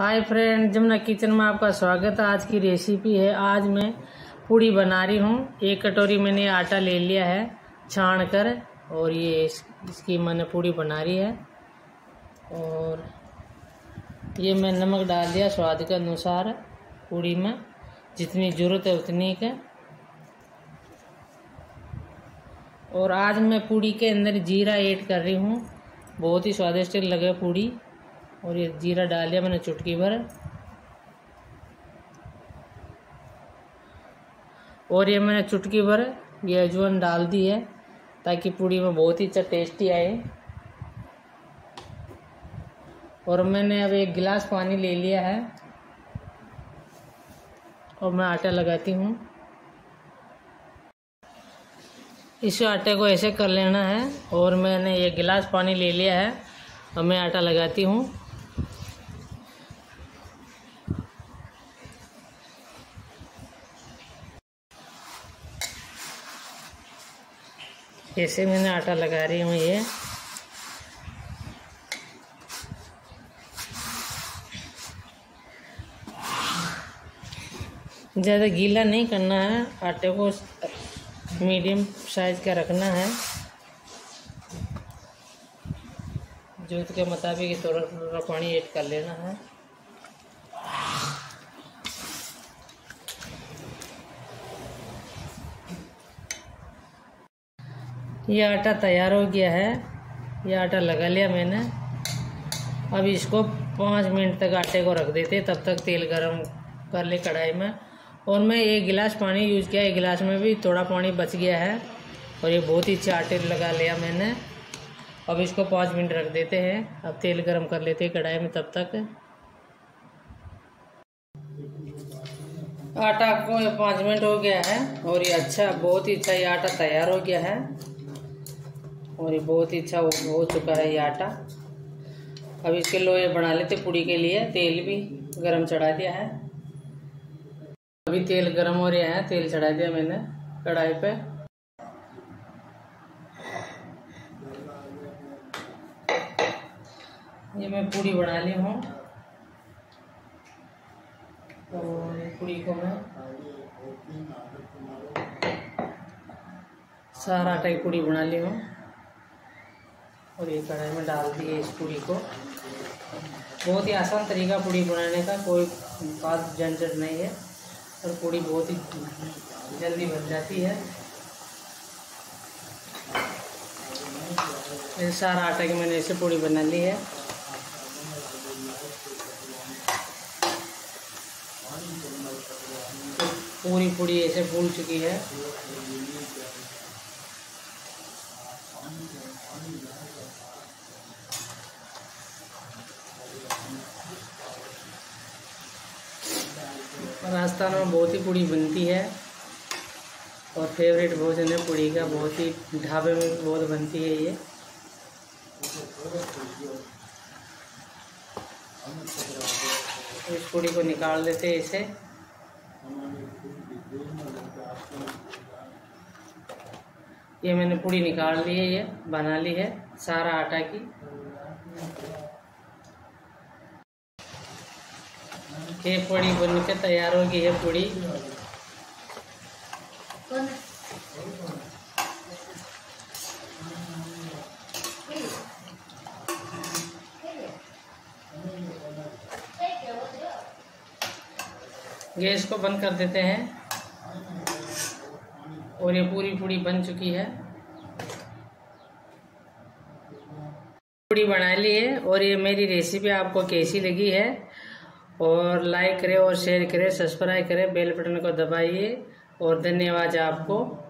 हाय friend Jamuna kitchen में आपका स्वागत है आज की रेसिपी है आज मैं पूड़ी बना रही हूँ एक कटोरी मैंने आटा ले लिया है छान कर और ये इस, इसकी मैंने पूड़ी बना रही है और ये मैं नमक डाल दिया स्वाद के अनुसार पूड़ी में जितनी ज़रूरत है उतनी का और आज मैं पूड़ी के अंदर जीरा ऐड कर रही हूँ बहुत ही स्वादिष्ट लगे पूड़ी और ये जीरा डाल दिया मैंने चुटकी भर और ये मैंने चुटकी भर ये अजवन डाल दी है ताकि पूड़ी में बहुत ही अच्छा टेस्टी आए और मैंने अब एक गिलास पानी ले लिया है और मैं आटा लगाती हूँ इस आटे को ऐसे कर लेना है और मैंने ये गिलास पानी ले लिया है और मैं आटा लगाती हूँ जैसे मैंने आटा लगा रही हूँ ये ज़्यादा गीला नहीं करना है आटे को मीडियम साइज का रखना है जूत के मुताबिक थोड़ा थोड़ा पानी ऐड कर लेना है ये आटा तैयार हो गया है ये आटा लगा लिया मैंने अब इसको पाँच मिनट तक आटे को रख देते तब तक तेल गरम कर ले कढ़ाई में और मैं एक गिलास पानी यूज़ किया एक गिलास में भी थोड़ा पानी बच गया है और ये बहुत ही अच्छा आटे लगा लिया मैंने अब इसको पाँच मिनट रख देते हैं अब तेल गरम कर लेते हैं कढ़ाई में तब तक आटा को पाँच मिनट हो गया है और ये अच्छा बहुत ही अच्छा ये आटा तैयार हो गया है और ये बहुत ही अच्छा हो चुका है ये आटा अब इसके लोहे बना लेते पूड़ी के लिए तेल भी गरम चढ़ा दिया है अभी तेल गरम हो रहा है तेल चढ़ा दिया मैंने कढ़ाई पे ये मैं पूड़ी बना ली हूँ और पूड़ी को मैं सारा आटा की पूड़ी बना ली हूँ और ये कढ़ाई में डाल दिए इस पूरी को बहुत ही आसान तरीका पूड़ी बनाने का कोई खास झंझट नहीं है और पूड़ी बहुत ही जल्दी बन जाती है सारा आटा की मैंने इसे पूड़ी बना ली है पूरी पूरी ऐसे फूल चुकी है राजस्थान में बहुत ही पूड़ी बनती है और फेवरेट भोजन है पूड़ी का बहुत ही ढाबे में बहुत बनती है ये इस पूड़ी को निकाल देते हैं इसे ये मैंने पूड़ी निकाल ली है ये बना ली है सारा आटा की ये पूड़ी बन के तैयार होगी ये पूड़ी गैस को बंद कर देते हैं और ये पूरी पूड़ी बन चुकी है पूड़ी बना ली है और ये मेरी रेसिपी आपको कैसी लगी है और लाइक करें और शेयर करें सब्सक्राइब करें बेल बटन को दबाइए और धन्यवाद आपको